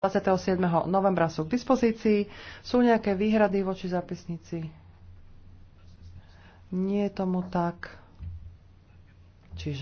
27. novembra sú k dispozícii. Sú nejaké výhrady voči zápisnici? Nie je tomu tak.